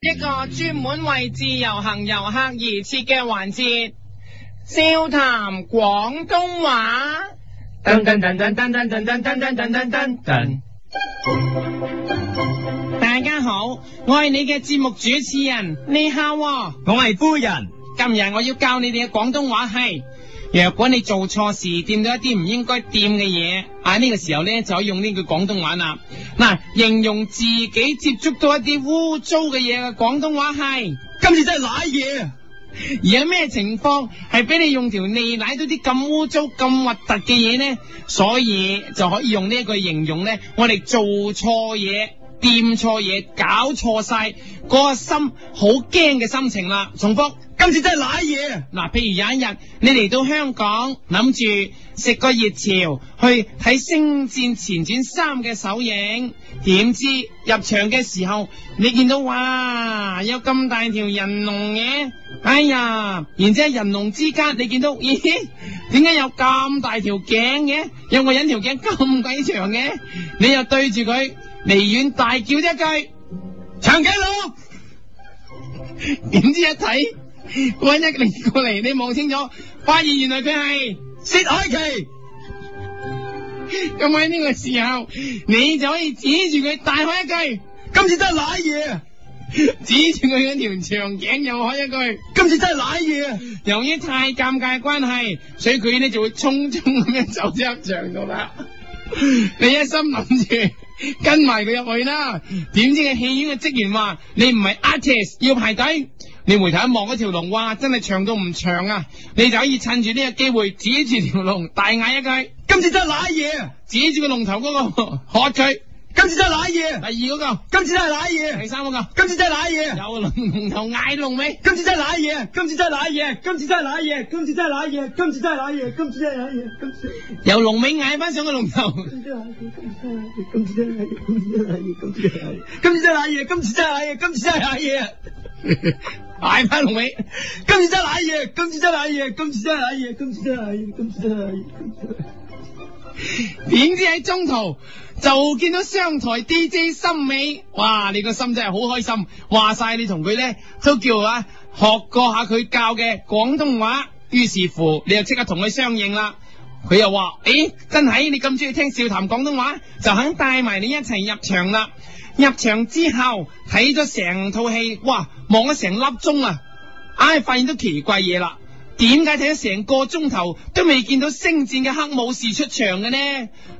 一個專門為自由行遊客而設嘅環節，笑談廣東話。噔噔噔噔噔噔噔噔噔噔噔噔噔。大家好，我係你嘅節目主持人李孝，你好哦、我係夫人。今日我要教你哋嘅廣東話係。若果你做錯事，掂到一啲唔應該掂嘅嘢，喺、啊、呢、呢個時候咧就可以用呢句廣東話啦。嗱、啊，形容自己接觸到一啲污糟嘅嘢嘅廣東話係，今次真係瀨嘢。而家咩情況？係俾你用條脷瀨到啲咁污糟、咁核突嘅嘢咧？所以就可以用呢一句形容咧，我哋做錯嘢、掂錯嘢、搞錯晒，個心好驚嘅心情啦。重複。今次真係瀨嘢，嗱、啊，譬如有一日你嚟到香港，諗住食個熱潮，去睇《星戰前傳三》嘅首映，點知入場嘅時候，你見到哇，有咁大條人龍嘅。哎呀，然之後人龍之間你見到，咦，點解有咁大條頸嘅？有個人條頸咁鬼長嘅，你又對住佢離遠大叫一句長頸鹿，點 知一睇？搵一擰過嚟，你望清楚，發現原來佢係薛凱琪。咁喺呢個時候，你就可以指住佢大喊一句：今次真係瀨嘢！指住佢嗰條長頸又喊一句：今次真係瀨嘢！ 由於太尷尬關係，所以佢呢就會匆匆咁樣走咗入場度啦。 你一心諗住跟埋佢入去啦，點知個戲院嘅職員話：你唔係 artist，要排隊。你回頭一望嗰條龍，哇，真係長到唔長啊！你就可以趁住呢個機會指住條龍大嗌一句：「今次真係瀨嘢！指住個龍頭嗰個喝佢！」今次真係瀨嘢！第二嗰個，今次真係瀨嘢！第三嗰個，今次真係瀨嘢！有龍頭嗌龍尾，今次真係瀨嘢！今次真係瀨嘢！今次真係瀨嘢！今次真係瀨嘢！今次真係瀨嘢！今次真係瀨嘢！今次由龍尾嗌翻上個龍頭，今次真係瀨嘢！今次真係瀨嘢！今次真係瀨嘢！今次真係瀨嘢！今次真係瀨嘢！今次真係瀨嘢！嗌翻龍尾，今次真係嗌嘢，今次真係嗌嘢，今次真係嗌嘢，今次真係嗌嘢，今次真係……點知喺中途就見到商台 DJ 森美，哇！你個心真係好開心，話晒你同佢咧都叫啊學過下佢教嘅廣東話，於是乎你又即刻同佢相應啦。佢又話：誒、欸，真係你咁中意聽笑談廣東話，就肯帶埋你一齊入場啦。入場之後睇咗成套戲，哇！望咗成粒鐘啊，唉，係發現到奇怪嘢啦！點解睇咗成個鐘頭都未見到星戰嘅黑武士出場嘅呢？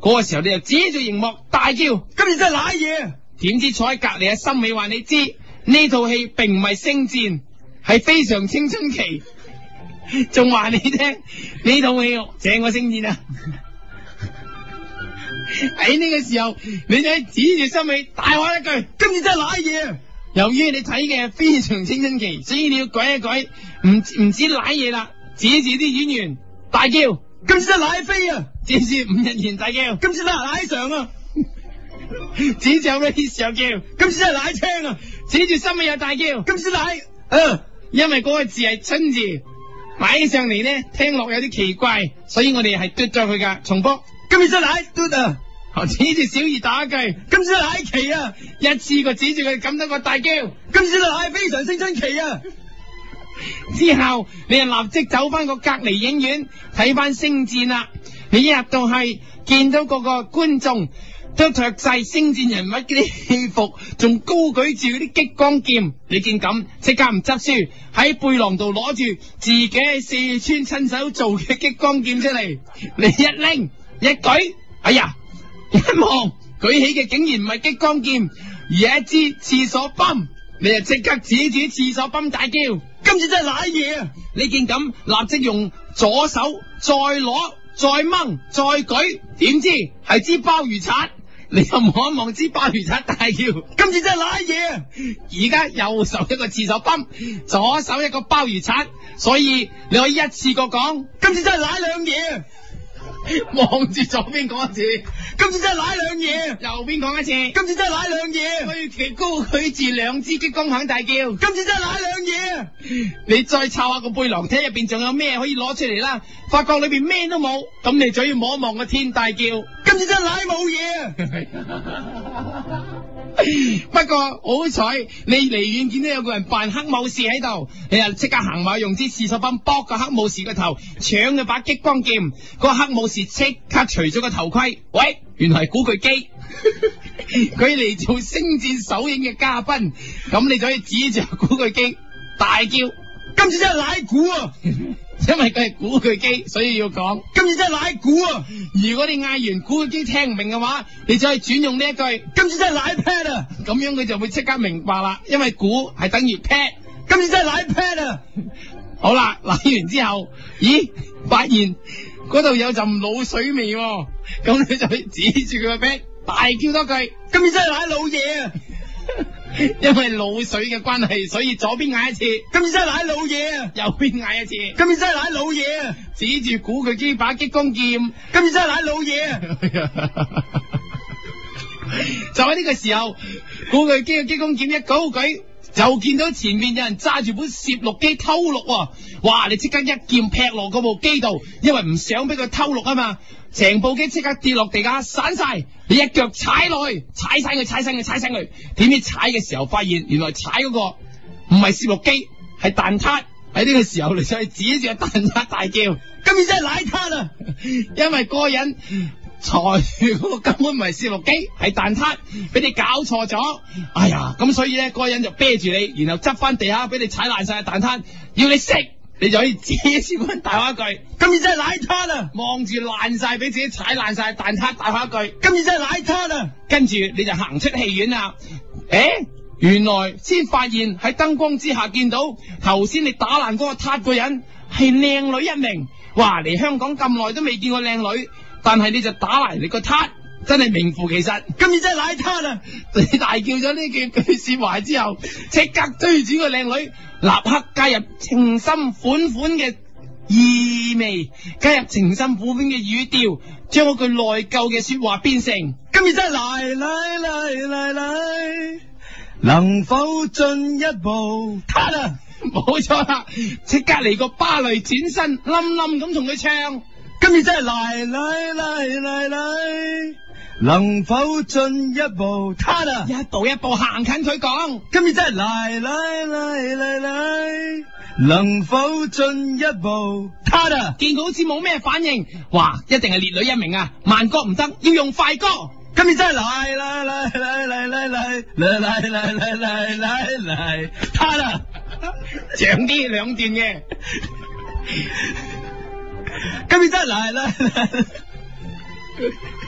嗰、嗰個時候你就指住熒幕大叫：今日真係瀨嘢！點知坐喺隔籬嘅森美話你知呢套戲並唔係星戰，係非常青春期，仲話你聽呢套戲正過星戰啊！喺 呢個時候，你就指住森美大話一句：今日真係瀨嘢！由於你睇嘅非常青春期，所以你要改一改，唔、唔止瀨嘢啦，指住啲演員大叫，今次真瀨飛啊，指住吳日賢大叫，今次奶奶常啊，指住李候叫，今次真瀨青啊，指住森美又大叫，今次奶嗯，因為嗰個字係親字，擺起上嚟咧聽落有啲奇怪，所以我哋係嘟咗佢噶。重播，今次真瀨，嘟啊哦、指住小二打計，今次喺奇啊，一次過指住佢咁多個大叫，今次喺非常青春期啊。 之後你就立即走翻個隔離影院睇翻《星戰》啦。你一入到係見到個個觀眾都着晒《星戰》人物嗰啲戲服，仲高舉住啲激光劍。你見咁即刻唔執輸喺背囊度攞住自己四川親手做嘅激光劍出嚟，你一拎一舉，哎呀！一望舉起嘅竟然唔係激光劍，而一支廁所泵，你就即刻指指廁所泵大叫，今次真係瀨嘢啊！你見咁立即用左手再攞再掹再舉，點知係支鮑魚刷。你又望一望支鮑魚刷大叫，今次真係瀨嘢啊！而家右手一個廁所泵，左手一個鮑魚刷。」所以你可以一次過講，今次真係瀨兩嘢。 望住左邊講一次，今次真係舐兩嘢；右邊講一次，今次真係舐兩嘢。佢要擎高舉住兩支激光棒大叫，今次真係舐兩嘢。你再抄下個背囊，睇入邊仲有咩可以攞出嚟啦。發覺裏邊咩都冇，咁你就要望一望個天大叫，今次真係舐冇嘢。 不過好彩，你離遠見到有個人扮黑武士喺度，你啊即刻行埋，用支士多棒剝個黑武士個頭，搶佢把激光劍，個黑武士即刻除咗個頭盔，喂，原來係古巨基，佢 嚟做《星戰》首映嘅嘉賓，咁你就可以指住古巨基大叫，今次真係奶古啊！ 因為佢係古巨基，所以要講今次真係奶鼓啊！如果你嗌完古巨基聽唔明嘅話，你就可以轉用呢一句，今次真係奶 pat 啊！咁樣佢就會即刻明白啦。因為鼓係等於 pat，今次真係奶 pat 啊！好啦，奶完之後，咦？發現嗰度有陣老水味，咁你就指住佢個 pat，大叫多句：今次真係奶老嘢啊！ 因為老水嘅關係，所以左邊嗌一次，今次真係瀨老嘢啊！右邊嗌一次，今次真係瀨老嘢啊！指住古巨基把激光劍，今次真係瀨老嘢啊！ 就喺呢個時候，古巨基嘅激光劍一高舉，就見到前面有人揸住本攝錄機偷錄啊，哇！你即刻一劍劈落嗰部機度，因為唔想俾佢偷錄啊嘛！成部機即刻跌落地下，散晒，你一腳踩落去，踩晒佢，踩晒佢，踩晒佢。點知踩嘅時候發現，原來踩嗰個唔係攝錄機，係蛋撻。喺呢個時候你再指住蛋撻大叫，今次真係奶撻啊！因為個人在嗰個根本唔係攝錄機，係蛋撻，俾你搞錯咗。哎呀，咁所以咧，個人就啤住你，然後執翻地下俾你踩爛晒蛋撻，要你食。你就可以自己笑翻大花一句，今次真係爛撻啦！望住爛晒，俾自己踩爛晒蛋撻，大花一句，今次真係爛撻啦！跟住你就行出戲院啦。誒、哎，原來先發現喺燈光之下見到，頭先你打爛嗰個撻個人係靚女一名。哇！嚟香港咁耐都未見過靚女，但係你就打爛你個撻。真係名副其實，今日真係奶奶啦、啊！你 大叫咗呢句句說話之後，即刻追住個靚女，立刻加入情深款款嘅意味，加入情深款款嘅語調，將嗰句內疚嘅說話變成今日真係奶奶奶奶奶，能否進一步？他啦，冇錯啦，即刻嚟個芭蕾轉身，冧冧咁同佢唱，今日真係奶奶奶奶奶奶。能否進一步？他啊，desserts 一,一步一步行近佢講，今日真係嚟嚟嚟嚟嚟！能否進一步？他啊，見到好似冇咩反應，哇，一定係烈女一名啊，慢歌唔得，要用快歌。」今日真係嚟嚟嚟嚟嚟嚟嚟嚟嚟嚟嚟嚟嚟嚟，他啊，長啲兩段嘅，今日真係嚟啦！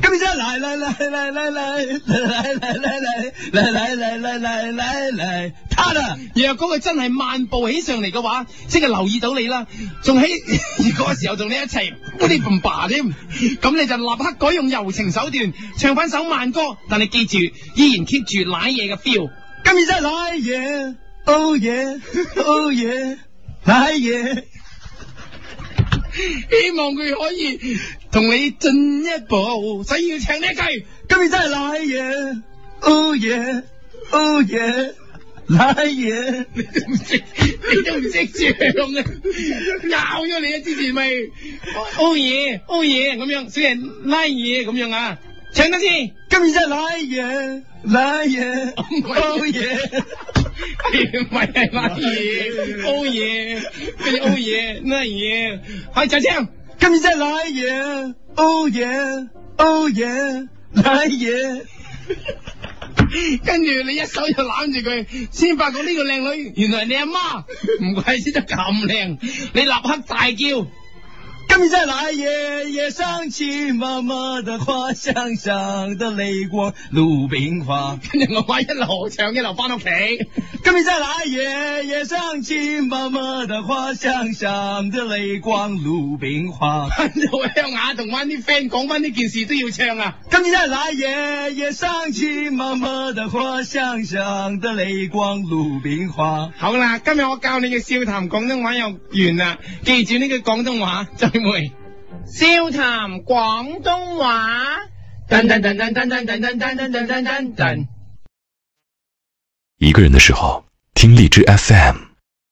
今次真係嚟嚟嚟嚟嚟嚟嚟嚟嚟嚟嚟嚟嚟嚟嚟嚟，他啊！若果佢真係慢步起上嚟嘅話，即係留意到你啦，仲喺嗰個時候同你一齊，你唔罷添，咁 你就立刻改用柔情手段，唱翻首慢歌，但係記住依然 keep、yeah, oh yeah, 住、oh yeah, 瀨嘢嘅 feel，今次真係瀨嘢，oh yeah，oh yeah，瀨嘢。希望佢可以同你進一步，所以要唱呢句，今日真係瀨嘢，哦嘢，哦嘢，瀨嘢，你都唔識，你都唔識唱啊，咬咗你啊！之前咪，哦嘢，哦嘢，咁樣，先嚟瀨嘢，咁樣啊，唱多次，今日真係瀨嘢，瀨嘢，哦嘢。唔係係拉嘢，O 嘢，你 O 嘢咩嘢？係仔仔，今日真係拉嘢，O 嘢，O 嘢，拉嘢。跟住你一手就攬住佢，先發覺呢個靚女原來你阿媽，唔怪之得咁靚，你立刻大叫。今日真係那夜夜想起媽媽的話，閃閃的淚光魯冰花。跟住 我翻一路唱一路翻屋企。 今日真係那夜夜想起媽媽的話，閃閃的淚光魯冰花。我鄉下同我啲 friend 講翻呢件事都要唱啊。今日真係那夜夜想起媽媽的話，閃閃的淚光魯冰花。好啦，今日我教你嘅笑談廣東話又完啦，記住呢句廣東話笑談廣東話。一個人的時候，聽荔枝 FM。